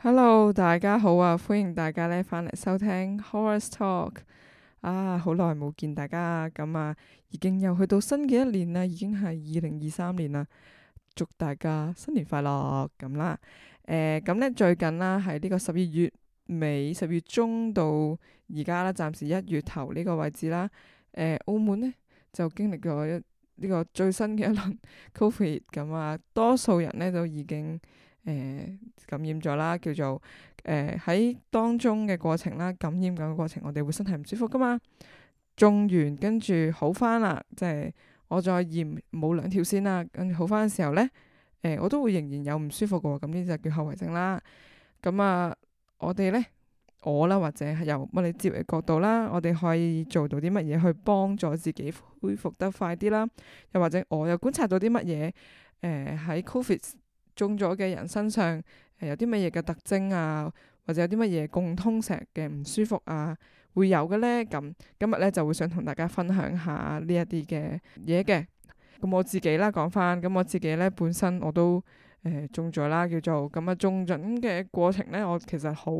Hello，大家好啊！歡迎大家咧翻嚟收聽 Horis Talk 啊！好耐冇見大家咁啊，已經又去到新嘅一年啦，已經係二零二三年啦，祝大家新年快樂咁啦！誒、呃，咁咧最近啦，喺呢個十二月尾、十月中到而家啦，暫時一月頭呢個位置啦，誒、呃，澳門咧就經歷咗一呢、呢個最新嘅一輪 COVID 咁啊，多數人咧都已經。誒、呃，感染咗啦，叫做誒喺當中嘅過程啦，感染咁嘅過程，我哋會身體唔舒服噶嘛。中完跟住好翻啦，即、就、係、是、我再驗冇兩條線啦，跟住好翻嘅時候咧，誒、呃，我都會仍然有唔舒服噶，咁呢就叫後遺症啦。咁、嗯、啊、呃，我哋咧，我啦或者由物理治療嘅角度啦，我哋可以做到啲乜嘢去幫助自己恢復得快啲啦？又或者我又觀察到啲乜嘢？誒、呃，喺 COVID。中咗嘅人身上，誒、呃、有啲乜嘢嘅特徵啊，或者有啲乜嘢共通性嘅唔舒服啊，會有嘅咧。咁今日咧就會想同大家分享下呢一啲嘅嘢嘅。咁我自己啦，講翻，咁我自己咧本身我都誒、呃、中咗啦，叫做咁啊、嗯、中招嘅過程咧，我其實好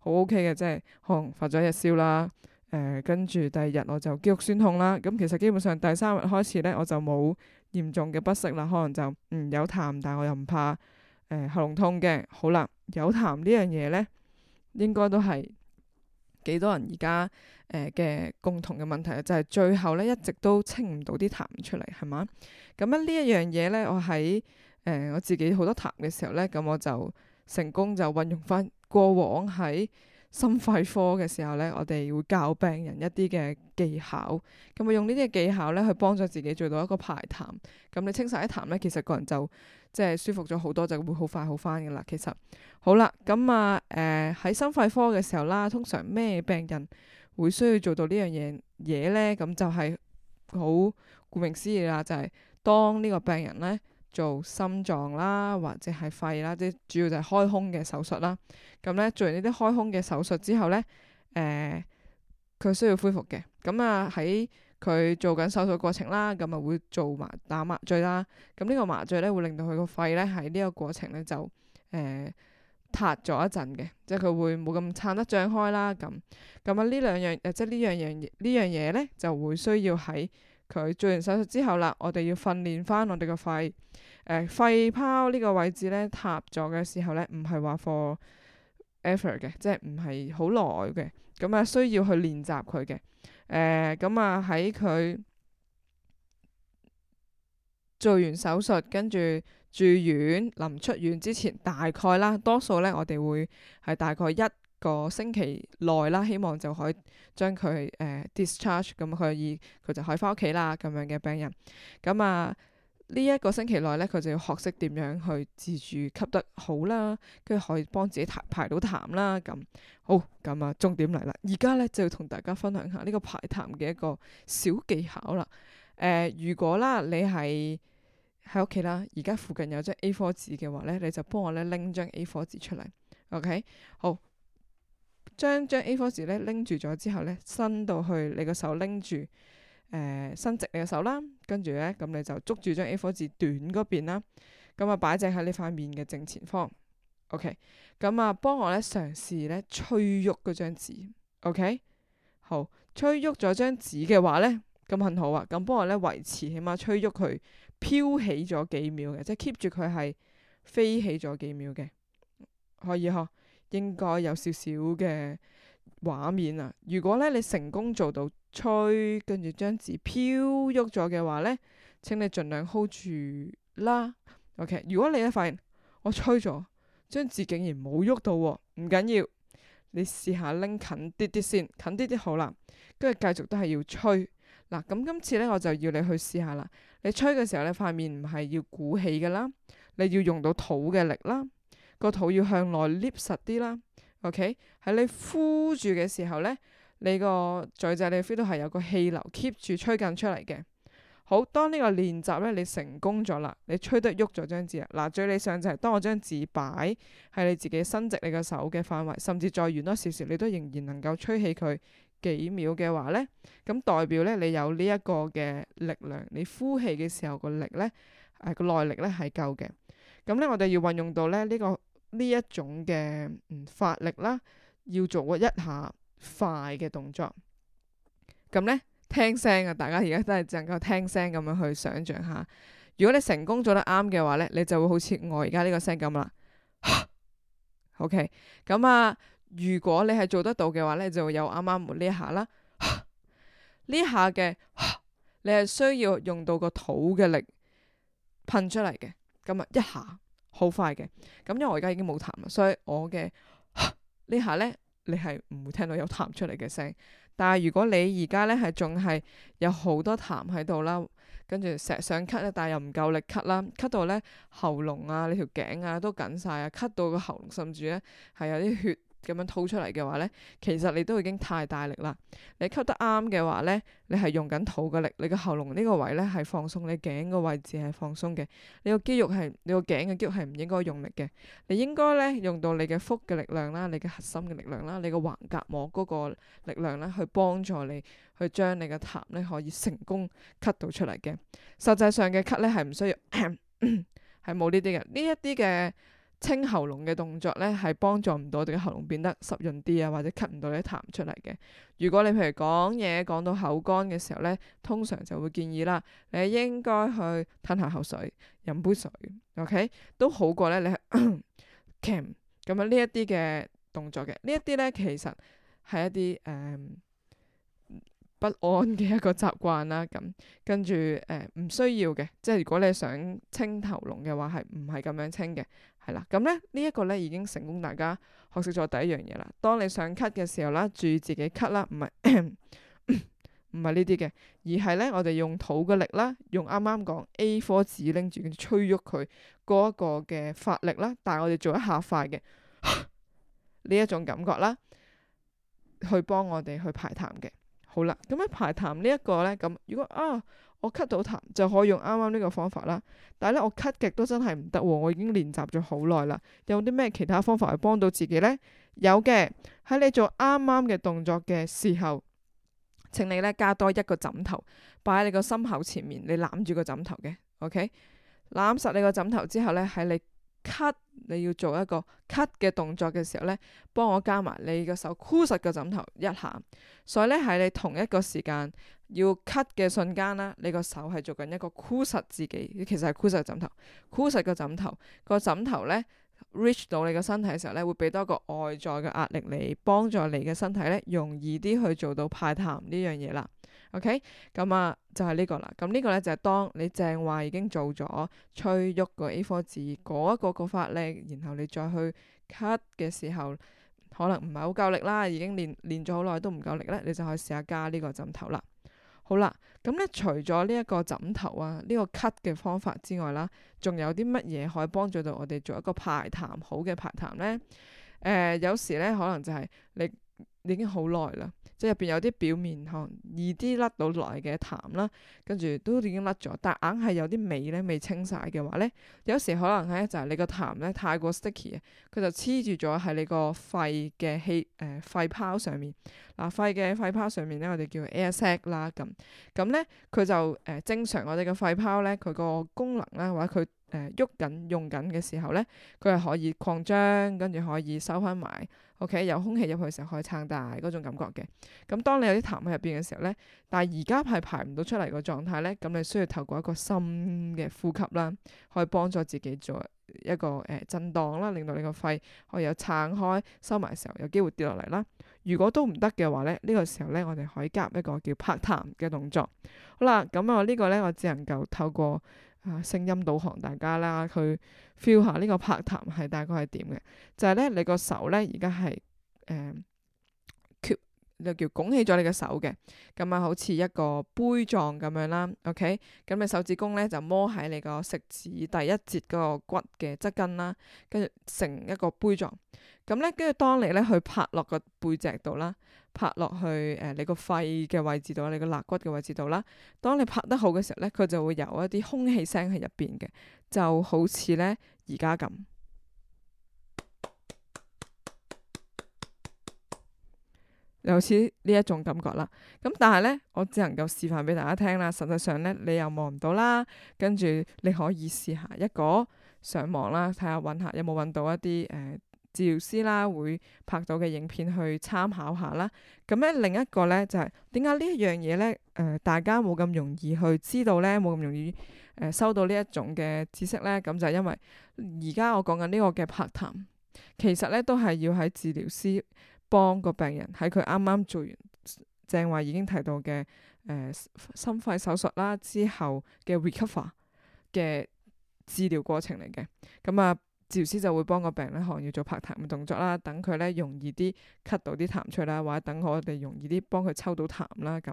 好 O K 嘅，即係可能發咗一日燒啦。誒，跟住、呃、第二日我就肌肉酸痛啦，咁其實基本上第三日開始咧，我就冇嚴重嘅不適啦，可能就唔、嗯、有痰，但係我又唔怕誒、呃、喉嚨痛嘅。好啦，有痰呢樣嘢咧，應該都係幾多人而家誒嘅共同嘅問題就係、是、最後咧一直都清唔到啲痰出嚟，係嘛？咁樣呢一樣嘢咧，我喺誒、呃、我自己好多痰嘅時候咧，咁我就成功就運用翻過往喺心肺科嘅時候咧，我哋會教病人一啲嘅技巧，咁用呢啲技巧咧去幫助自己做到一個排痰。咁你清晒一痰咧，其實個人就即係、就是、舒服咗好多，就會好快好翻噶啦。其實好啦，咁啊誒喺、呃、心肺科嘅時候啦，通常咩病人會需要做到呢樣嘢嘢咧？咁就係好顧名思義啦，就係、是、當呢個病人咧。做心臟啦，或者係肺啦，即係主要就係開胸嘅手術啦。咁、嗯、咧做完呢啲開胸嘅手術之後咧，誒、呃、佢需要恢復嘅。咁啊喺佢做緊手術過程啦，咁、嗯、啊會做麻打麻醉啦。咁、嗯、呢、呢個麻醉咧會令到佢個肺咧喺呢個過程咧就誒塌咗一陣嘅，即係佢會冇咁撐得張開啦。咁咁啊呢兩樣誒即係呢樣嘢呢樣嘢咧就會需要喺。佢做完手術之後啦，我哋要訓練翻我哋個肺。誒、呃，肺泡呢個位置咧塌咗嘅時候咧，唔係話 for effort 嘅，即係唔係好耐嘅。咁啊，需要去練習佢嘅。誒、呃，咁啊喺佢做完手術，跟住住院，臨出院之前，大概啦，多數咧我哋會係大概一。個星期內啦，希望就可以將佢誒 discharge，咁佢可以，佢就可以翻屋企啦，咁樣嘅病人。咁、嗯、啊呢一個星期內咧，佢就要學識點樣去自主吸得好啦，跟住可以幫自己排排到痰啦。咁、嗯、好，咁、嗯、啊重點嚟啦，而家咧就要同大家分享下呢個排痰嘅一個小技巧啦。誒、呃，如果啦你係喺屋企啦，而家附近有張 A4 紙嘅話咧，你就幫我咧拎張 A4 紙出嚟。OK，、嗯、好。將張 A4 紙咧拎住咗之後咧，伸到去你個手拎住，誒、呃，伸直你個手啦，跟住咧，咁你就捉住張 A4 紙短嗰邊啦，咁啊擺正喺呢塊面嘅正前方。OK，咁啊，幫我咧嘗試咧吹喐嗰張紙。OK，好，吹喐咗張紙嘅話咧，咁很好啊，咁幫我咧維持起碼吹喐佢飄起咗幾秒嘅，即係 keep 住佢係飛起咗幾秒嘅，可以呵。應該有少少嘅畫面啦。如果咧你成功做到吹，跟住張紙飄喐咗嘅話咧，請你盡量 hold 住啦。OK，如果你一發現我吹咗，張紙竟然冇喐到、喎，唔緊要，你試下拎近啲啲先，近啲啲好啦。跟住繼續都係要吹。嗱，咁今次咧我就要你去試下啦。你吹嘅時候咧，塊面唔係要鼓起㗎啦，你要用到肚嘅力啦。個肚要向內 lift 實啲啦，OK 喺，你呼住嘅時候咧，你個嘴仔，你 feel 到係有個氣流 keep 住吹緊出嚟嘅。好，當呢個練習咧，你成功咗啦，你吹得喐咗張紙啦。嗱，最理想就係當我張紙擺喺你自己伸直你個手嘅範圍，甚至再遠多少少，你都仍然能夠吹起佢幾秒嘅話咧，咁代表咧你有呢一個嘅力量，你呼氣嘅時候個力咧，誒個耐力咧係夠嘅。咁咧我哋要運用到咧呢個。呢一種嘅嗯，發力啦，要做個一下快嘅動作。咁咧，聽聲啊，大家而家都係只能夠聽聲咁樣去想象下。如果你成功做得啱嘅話咧，你就會好似我而家呢個聲咁啦。啊、OK，咁啊，如果你係做得到嘅話咧，就會有啱啱冇呢一下啦。呢下嘅，你係需要用到個肚嘅力噴出嚟嘅，咁啊一下。好快嘅，咁因為我而家已經冇痰啦，所以我嘅呢下咧，你係唔會聽到有痰出嚟嘅聲。但係如果你而家咧係仲係有好多痰喺度啦，跟住成日想咳啦，但係又唔夠力咳啦，咳到咧喉嚨啊，你條頸啊都緊晒啊，咳到個喉嚨甚至咧係有啲血。咁樣吐出嚟嘅話咧，其實你都已經太大力啦。你吸得啱嘅話咧，你係用緊肚嘅力，你個喉嚨呢個位咧係放鬆，你的頸個位置係放鬆嘅。你個肌肉係你個頸嘅肌肉係唔應該用力嘅。你應該咧用到你嘅腹嘅力量啦，你嘅核心嘅力量啦，你個橫膈膜嗰個力量咧，去幫助你去將你嘅痰咧可以成功咳到出嚟嘅。實際上嘅咳咧係唔需要咳咳，係冇呢啲嘅呢一啲嘅。清喉嚨嘅動作咧，係幫助唔到我哋嘅喉嚨變得濕潤啲啊，或者吸唔到你痰出嚟嘅。如果你譬如講嘢講到口乾嘅時候咧，通常就會建議啦，你應該去吞下口水，飲杯水，OK 都好過咧你 c a 咁啊呢一啲嘅動作嘅，呢一啲咧其實係一啲誒、呃、不安嘅一個習慣啦。咁跟住誒唔需要嘅，即係如果你想清喉嚨嘅話，係唔係咁樣清嘅。係啦，咁咧呢一個咧已經成功，大家學識咗第一樣嘢啦。當你想咳嘅時候啦，注意自己咳啦，唔係唔係呢啲嘅，而係咧我哋用肚嘅力啦，用啱啱講 A4 紙拎住跟住吹喐佢嗰一個嘅發力啦，但係我哋做一下快嘅呢一種感覺啦，去幫我哋去排痰嘅。好啦，咁樣排痰呢一個咧，咁如果啊。我咳到痰就可以用啱啱呢個方法啦，但係咧我咳極都真係唔得喎。我已經練習咗好耐啦，有啲咩其他方法去幫到自己咧？有嘅，喺你做啱啱嘅動作嘅時候，請你咧加多一個枕頭，擺喺你個心口前面，你攬住個枕頭嘅，OK，攬實你個枕頭之後咧喺你。cut 你要做一個 cut 嘅動作嘅時候呢，幫我加埋你個手箍實個枕頭一下，所以呢，喺你同一個時間要 cut 嘅瞬間啦，你個手係做緊一個箍實自己，其實係箍實個枕頭，箍實個枕頭，個枕頭呢 reach 到你個身體嘅時候呢，會俾多個外在嘅壓力你，幫助你嘅身體呢，容易啲去做到排痰呢樣嘢啦。OK，咁、嗯、啊就係、是嗯這個、呢個啦。咁呢個咧就係、是、當你正話已經做咗吹喐個 A4 字嗰一個個法咧，然後你再去 cut 嘅時候，可能唔係好夠力啦，已經練練咗好耐都唔夠力咧，你就可以試下加呢個枕頭啦。好啦，咁、嗯、咧除咗呢一個枕頭啊，呢個 cut 嘅方法之外啦，仲有啲乜嘢可以幫助到我哋做一個排痰好嘅排痰咧？誒、呃，有時咧可能就係你。已經好耐啦，即係入邊有啲表面汗易啲甩到來嘅痰啦，跟住都已經甩咗，但硬係有啲尾咧未清晒嘅話咧，有時可能咧就係、是、你個痰咧太過 sticky，佢就黐住咗喺你個肺嘅氣誒肺泡上面。嗱、呃，肺嘅肺泡上面咧，我哋叫 air sac 啦，咁咁咧佢就誒、呃、正常我哋嘅肺泡咧，佢個功能啦，或者佢誒喐緊用緊嘅時候咧，佢係可以擴張，跟住可以收翻埋。O、okay? K，有空氣入去嘅時候可以撐大。大嗰種感覺嘅，咁當你有啲痰喺入邊嘅時候咧，但係而家係排唔到出嚟個狀態咧，咁你需要透過一個深嘅呼吸啦，可以幫助自己做一個誒、呃、震盪啦，令到你個肺可以有撐開收埋嘅時候，有機會跌落嚟啦。如果都唔得嘅話咧，呢、這個時候咧，我哋可以夾一個叫拍痰嘅動作。好啦，咁我個呢個咧，我只能夠透過啊聲、呃、音導航大家啦，去 feel 下呢個拍痰係大概係點嘅，就係、是、咧你個手咧而家係誒。就叫拱起咗你個手嘅，咁、嗯、啊好似一個杯狀咁樣啦，OK，咁嘅手指公咧就摸喺你個食指第一節個骨嘅側根啦，跟住成一個杯狀，咁咧跟住當你咧去拍落個背脊度啦，拍落去誒你個肺嘅位置度，你個肋骨嘅位置度啦，當你拍得好嘅時候咧，佢就會有一啲空氣聲喺入邊嘅，就好似咧而家咁。有似呢一種感覺啦，咁但係咧，我只能夠示範俾大家聽啦。實際上咧，你又望唔到啦。跟住你可以試下一個上網啦，睇下揾下有冇揾到一啲誒、呃、治療師啦，會拍到嘅影片去參考下啦。咁、嗯、咧另一個咧就係點解呢一樣嘢咧誒大家冇咁容易去知道咧，冇咁容易誒、呃、收到呢一種嘅知識咧，咁就係因為而家我講緊呢個嘅 part-time，其實咧都係要喺治療師。幫個病人喺佢啱啱做完，正話已經提到嘅誒、呃、心肺手術啦之後嘅 recover 嘅治療過程嚟嘅，咁、嗯、啊，治療師就會幫個病人可能要做拍痰嘅動作啦，等佢咧容易啲咳到啲痰出啦，或者等我哋容易啲幫佢抽到痰啦咁，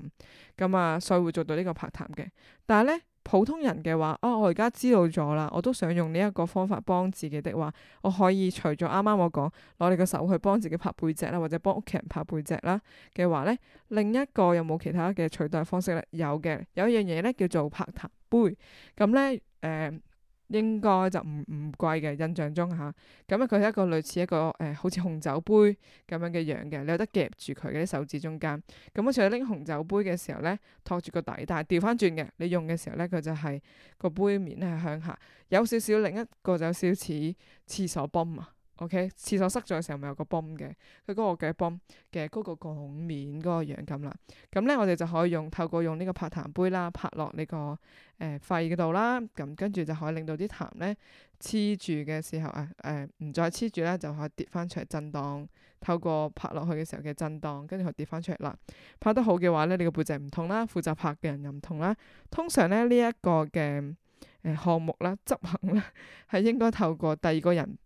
咁啊、嗯，所以會做到呢個拍痰嘅，但係咧。普通人嘅話，哦，我而家知道咗啦，我都想用呢一個方法幫自己的話，我可以除咗啱啱我講攞你個手去幫自己拍背脊啦，或者幫屋企人拍背脊啦嘅話咧，另一個有冇其他嘅取代方式咧？有嘅，有一樣嘢咧叫做拍痰杯，咁咧誒。呃應該就唔唔貴嘅，印象中吓，咁啊佢係一個類似一個誒、呃，好似紅酒杯咁樣嘅樣嘅，你有得夾住佢嘅啲手指中間。咁好似你拎紅酒杯嘅時候咧，托住個底，但係調翻轉嘅，你用嘅時候咧，佢就係個杯面係向下，有少少另一個就有少少似廁所泵啊。OK，廁所塞咗嘅時候咪有個泵嘅，佢嗰個嘅泵嘅嗰、那個鋼面嗰個樣咁啦。咁咧，我哋就可以用透過用呢個拍痰杯啦，拍落呢、這個誒、呃、肺嗰度啦。咁跟住就可以令到啲痰咧黐住嘅時候啊誒，唔、呃、再黐住咧，就可以跌翻出嚟震盪。透過拍落去嘅時候嘅震盪，跟住可以跌翻出嚟啦。拍得好嘅話咧，你個背脊唔痛啦，負責拍嘅人又唔痛啦。通常咧呢一、這個嘅誒、呃、項目啦執行啦，係應該透過第二個人。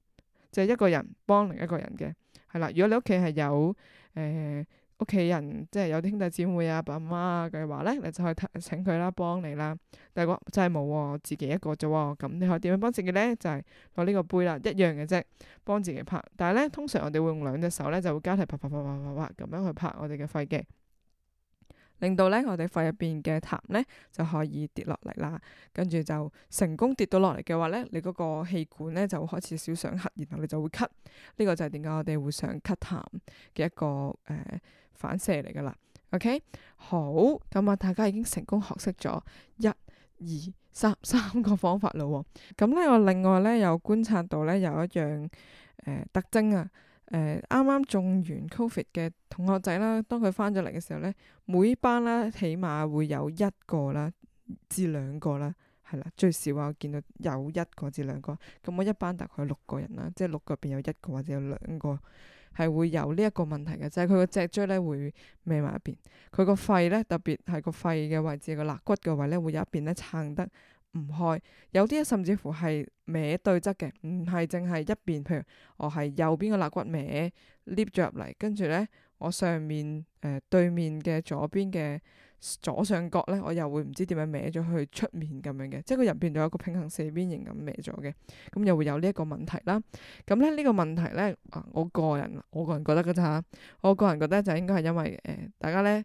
即係一個人幫另一個人嘅係啦。如果你屋企係有誒屋企人，即係有啲兄弟姊妹啊、爸爸媽媽嘅話咧，你就去請佢啦，幫你啦。但係我真係冇喎，自己一個咋喎。咁你可以點樣幫自己咧？就係攞呢個杯啦，一樣嘅啫，幫自己拍。但係咧，通常我哋會用兩隻手咧，就會交替拍拍拍拍拍拍，咁樣去拍我哋嘅肺嘅。令到咧，我哋肺入邊嘅痰咧就可以跌落嚟啦。跟住就成功跌到落嚟嘅話咧，你嗰個氣管咧就會開始少上咳，然後你就會咳。呢個就係點解我哋會想咳痰嘅一個誒、呃、反射嚟噶啦。OK，好，咁啊，大家已經成功學識咗一、二、三三個方法咯。咁咧，我另外咧又觀察到咧有一樣誒、呃、特徵啊。誒，啱啱中完 Covid 嘅同學仔啦，當佢翻咗嚟嘅時候咧，每一班啦起碼會有一個啦至兩個啦，係啦最少啊，我見到有一個至兩個，咁我一班大概六個人啦，即係六個入邊有一個或者有兩個係會有呢一個問題嘅，就係佢個脊椎咧會歪埋一邊，佢個肺咧特別係個肺嘅位置個肋骨嘅位咧會有一邊咧撐得。唔開，有啲甚至乎係歪對側嘅，唔係淨係一邊，譬如我係右邊個肋骨歪，lift 咗入嚟，跟住咧我上面誒、呃、對面嘅左邊嘅左上角咧，我又會唔知點樣歪咗去出面咁樣嘅，即係佢入邊仲有一個平行四邊形咁歪咗嘅，咁又會有呢一個問題啦。咁咧呢、呢個問題咧、呃，我個人我個人覺得噶咋、啊，我個人覺得就應該係因為誒、呃、大家咧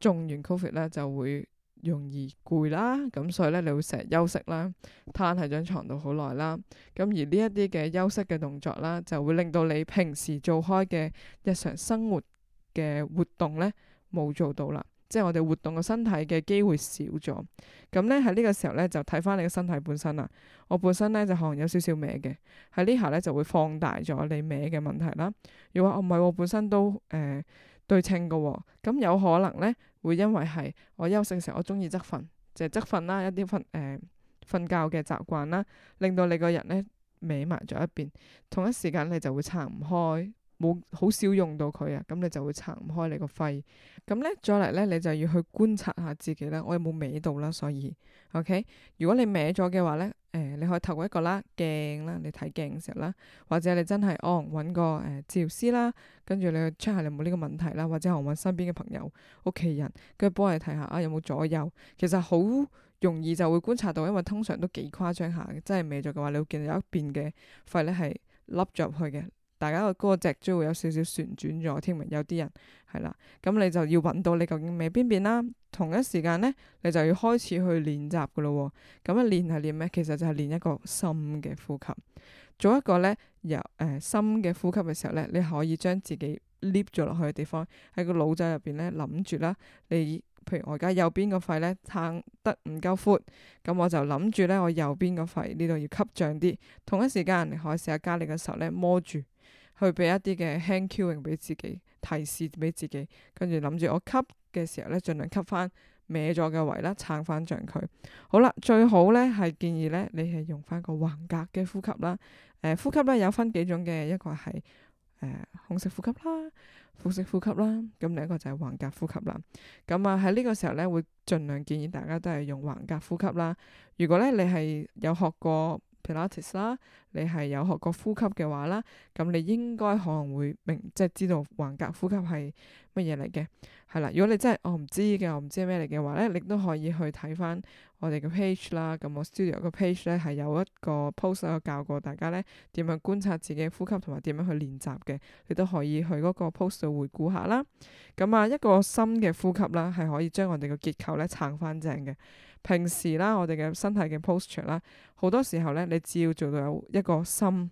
中完 COVID 咧就會。容易攰啦，咁所以咧，你會成日休息啦，攤喺張床度好耐啦，咁而呢一啲嘅休息嘅動作啦，就會令到你平時做開嘅日常生活嘅活動咧冇做到啦，即係我哋活動個身體嘅機會少咗，咁咧喺呢個時候咧就睇翻你嘅身體本身啦，我本身咧就可能有少少歪嘅，喺呢下咧就會放大咗你歪嘅問題啦。如果我唔係我本身都誒。呃去清嘅，咁有可能咧會因為係我休息嘅時候，我中意側瞓，就係側瞓啦，一啲瞓誒瞓覺嘅習慣啦，令到你個人咧歪埋咗一邊，同一時間你就會撐唔開，冇好少用到佢啊，咁你就會撐唔開你個肺。咁咧再嚟咧，你就要去觀察下自己啦，我有冇歪到啦？所以，OK，如果你歪咗嘅話咧。誒、哎，你可以透過一個啦鏡啦，你睇鏡嘅時候啦，或者你真係哦搵個誒、呃、治療師啦，跟住你去 check 下你有冇呢個問題啦，或者我搵身邊嘅朋友、屋企人，跟住幫你睇下啊，有冇左右，其實好容易就會觀察到，因為通常都幾誇張下嘅，真係未做嘅話，你會見到一邊嘅肺咧係凹咗入去嘅。大家個嗰個脊椎會有少少旋轉咗添，咪有啲人係啦，咁你就要揾到你究竟歪邊邊啦。同一時間咧，你就要開始去練習噶咯。咁啊練係練咩？其實就係練一個深嘅呼吸。做一個咧由誒、呃、深嘅呼吸嘅時候咧，你可以將自己 lift 咗落去嘅地方喺個腦仔入邊咧諗住啦。你譬如我而家右邊個肺咧撐得唔夠闊，咁我就諗住咧我右邊個肺呢度要吸脹啲。同一時間你可以試下加力嘅時候咧摸住。去俾一啲嘅 hand cue，俾自己提示，俾自己，跟住諗住我吸嘅時候咧，盡量吸翻歪咗嘅位啦，撐翻脹佢好啦，最好咧係建議咧，你係用翻個橫格嘅呼吸啦。誒、呃，呼吸咧有分幾種嘅，一個係誒胸式呼吸啦，腹式呼吸啦，咁另一個就係橫格呼吸啦。咁啊喺呢個時候咧，會盡量建議大家都係用橫格呼吸啦。如果咧你係有學過普拉提啦，你係有學過呼吸嘅話啦，咁你應該可能會明，即係知道橫隔呼吸係乜嘢嚟嘅。係啦，如果你真係我唔知嘅，我唔知咩嚟嘅話咧，你都可以去睇翻我哋嘅 page 啦。咁我 studio 個 page 咧係有一個 post 啊，教過大家咧點樣觀察自己嘅呼吸同埋點樣去練習嘅，你都可以去嗰個 post 度回顧下啦。咁啊，一個深嘅呼吸啦，係可以將我哋嘅結構咧撐翻正嘅。平時啦，我哋嘅身體嘅 posture 啦，好多時候咧，你只要做到有一個深，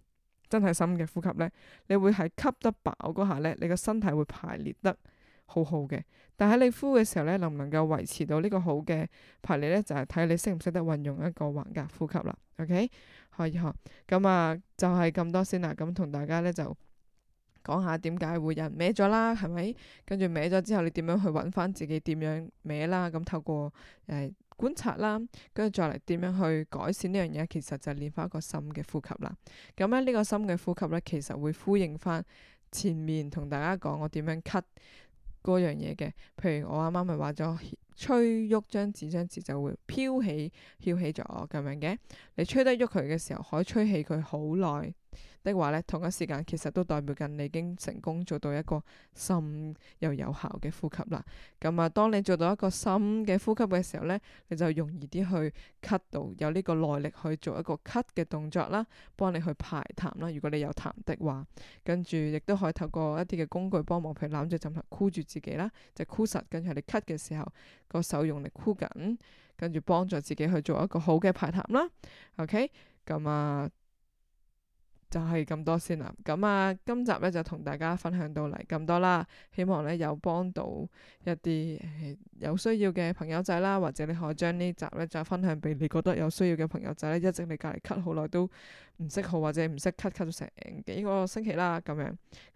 真係深嘅呼吸咧，你會係吸得飽嗰下咧，你個身體會排列得好好嘅。但係你呼嘅時候咧，能唔能夠維持到呢個好嘅排列咧，就係、是、睇你識唔識得運用一個橫膈呼吸啦。OK，可以學。咁啊，就係、是、咁多先啦。咁同大家咧就講下點解會人歪咗啦，係咪？跟住歪咗之後，你點樣去揾翻自己點樣歪啦？咁透過誒。哎觀察啦，跟住再嚟點樣去改善呢樣嘢，其實就係練翻一個深嘅呼吸啦。咁咧，呢個深嘅呼吸呢，其實會呼應翻前面同大家講我點樣咳嗰樣嘢嘅。譬如我啱啱咪話咗，吹喐張紙，張紙就會飄起，翹起咗咁樣嘅。你吹得喐佢嘅時候，可以吹起佢好耐。的話咧，同一時間其實都代表緊你已經成功做到一個深又有效嘅呼吸啦。咁、嗯、啊，當你做到一個深嘅呼吸嘅時候咧，你就容易啲去 cut 到有呢個耐力去做一個 cut 嘅動作啦，幫你去排痰啦。如果你有痰嘅話，跟住亦都可以透過一啲嘅工具幫忙，譬如攬住枕頭箍住自己啦，就箍、是、實。跟住你 cut 嘅時候，個手用力箍緊，跟住幫助自己去做一個好嘅排痰啦。OK，咁、嗯、啊。嗯就係咁多先啦，咁啊今集咧就同大家分享到嚟咁多啦，希望咧有幫到一啲，呃，有需要嘅朋友仔啦，或者你可以將呢集咧再分享俾你覺得有需要嘅朋友仔咧，一直你隔籬咳好耐都唔識好，或者唔識咳咳咗成幾個星期啦。咁樣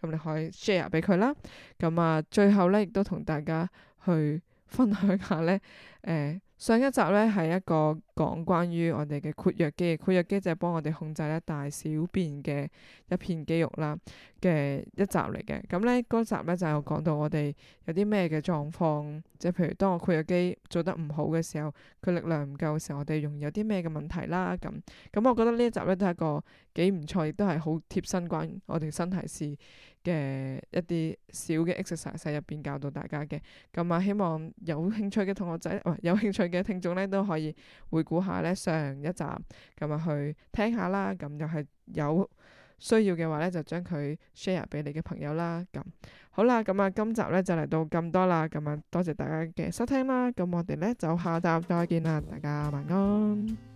咁你可以 share 俾佢啦，咁啊最後咧亦都同大家去。分享下咧，誒、呃，上一集咧係一個講關於我哋嘅括約肌，括約肌就係幫我哋控制咧大小便嘅一片肌肉啦嘅一集嚟嘅。咁咧嗰集咧就係、是、我講到我哋有啲咩嘅狀況，即係譬如當我括約肌做得唔好嘅時候，佢力量唔夠嘅時候，我哋容易有啲咩嘅問題啦。咁，咁我覺得呢一集咧都係一個幾唔錯，亦都係好貼身關於我哋身體事。嘅一啲小嘅 exercise 入邊教到大家嘅。咁啊，希望有興趣嘅同學仔、啊、有興趣嘅聽眾咧都可以回顧下咧上一集，咁啊去聽下啦。咁又係有需要嘅話咧，就將佢 share 俾你嘅朋友啦。咁好啦，咁啊今集咧就嚟到咁多啦。咁啊多謝大家嘅收聽啦。咁我哋咧就下集再見啦，大家晚安。